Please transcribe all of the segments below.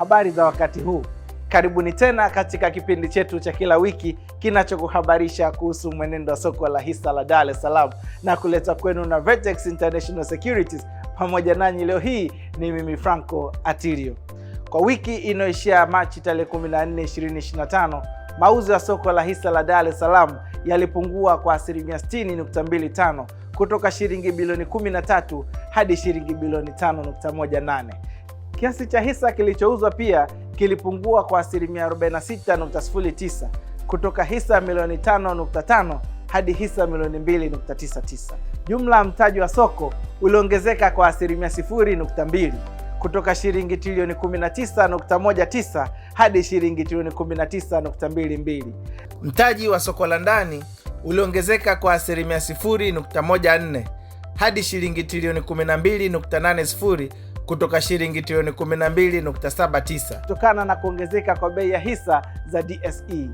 habari za wakati huu. Karibuni tena katika kipindi chetu cha kila wiki kinachokuhabarisha kuhusu mwenendo wa soko la hisa la Dar es Salaam na kuleta kwenu na Vertex International Securities. Pamoja nanyi leo hii ni mimi Franco Atirio. Kwa wiki inayoishia Machi tarehe 14, 2025, mauzo ya soko la hisa la Dar es Salaam yalipungua kwa asilimia 60.25 kutoka shilingi bilioni 13 hadi shilingi bilioni 5.18 Kiasi cha hisa kilichouzwa pia kilipungua kwa asilimia 46.09 kutoka hisa milioni 5.5 hadi hisa milioni 2.99. Jumla ya mtaji wa soko uliongezeka kwa asilimia 0.2 kutoka shilingi trilioni 19.19 hadi shilingi trilioni 19.22. Mtaji wa soko la ndani uliongezeka kwa asilimia 0.14 hadi shilingi trilioni 12.80 kutoka shilingi trilioni 12.79 kutokana na kuongezeka kwa bei ya hisa za DSE.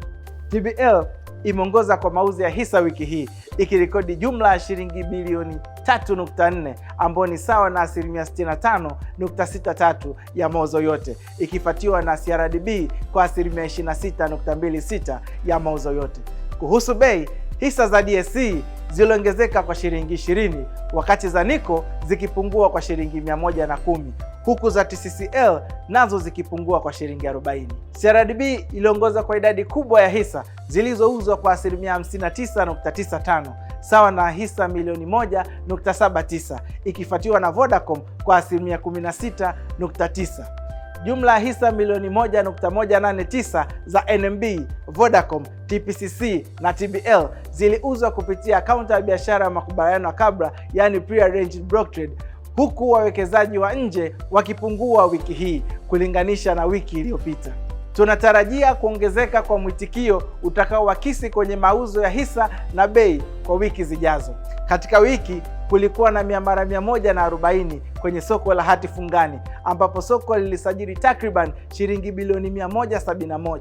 TBL imeongoza kwa mauzo ya hisa wiki hii ikirekodi jumla ya shilingi bilioni 3.4 ambayo ni sawa na asilimia 65.63 ya mauzo yote, ikifuatiwa na CRDB kwa asilimia 26.26 ya mauzo yote. Kuhusu bei, hisa za DSE ziliongezeka kwa shilingi 20 wakati za NICO zikipungua kwa shilingi 110 huku za TCCL nazo zikipungua kwa shilingi 40. CRDB iliongoza kwa idadi kubwa ya hisa zilizouzwa kwa asilimia 59.95 sawa na hisa milioni 1.79 ikifuatiwa na Vodacom kwa asilimia 16.9 jumla ya hisa milioni 1.189 za NMB, Vodacom, TPCC na TBL ziliuzwa kupitia kaunta ya biashara ya makubaliano ya kabla, yani pre-arranged block trade, huku wawekezaji wa nje wakipungua wiki hii kulinganisha na wiki iliyopita. Tunatarajia kuongezeka kwa mwitikio utakaoakisi kwenye mauzo ya hisa na bei kwa wiki zijazo. Katika wiki kulikuwa na miamara 140 kwenye soko la hati fungani ambapo soko lilisajili takriban shilingi bilioni 171.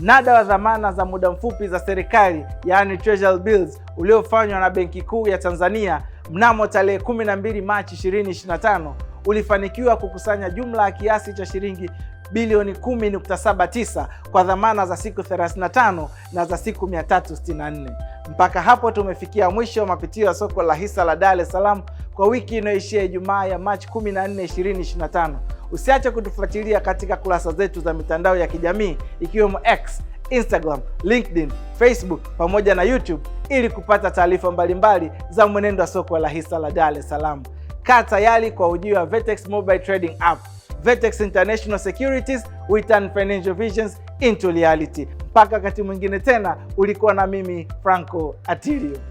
Mnada wa dhamana za muda mfupi za serikali yaani treasury bills uliofanywa na Benki Kuu ya Tanzania mnamo tarehe 12 Machi 2025 ulifanikiwa kukusanya jumla ya kiasi cha shilingi bilioni 10.79 kwa dhamana za siku 35 na za siku 364. Mpaka hapo tumefikia mwisho mapitio ya soko la hisa la Dar es Salaam kwa wiki inayoishia Ijumaa ya Machi 14, 2025. Usiache kutufuatilia katika kurasa zetu za mitandao ya kijamii ikiwemo X, Instagram, LinkedIn, Facebook pamoja na YouTube ili kupata taarifa mbalimbali za mwenendo wa soko la hisa la Dar es Salaam. Kaa tayari kwa ujio wa Vertex Mobile Trading App. Vertex International Securities, we turn financial visions into reality. Mpaka wakati mwingine tena, ulikuwa na mimi Franco Atilio.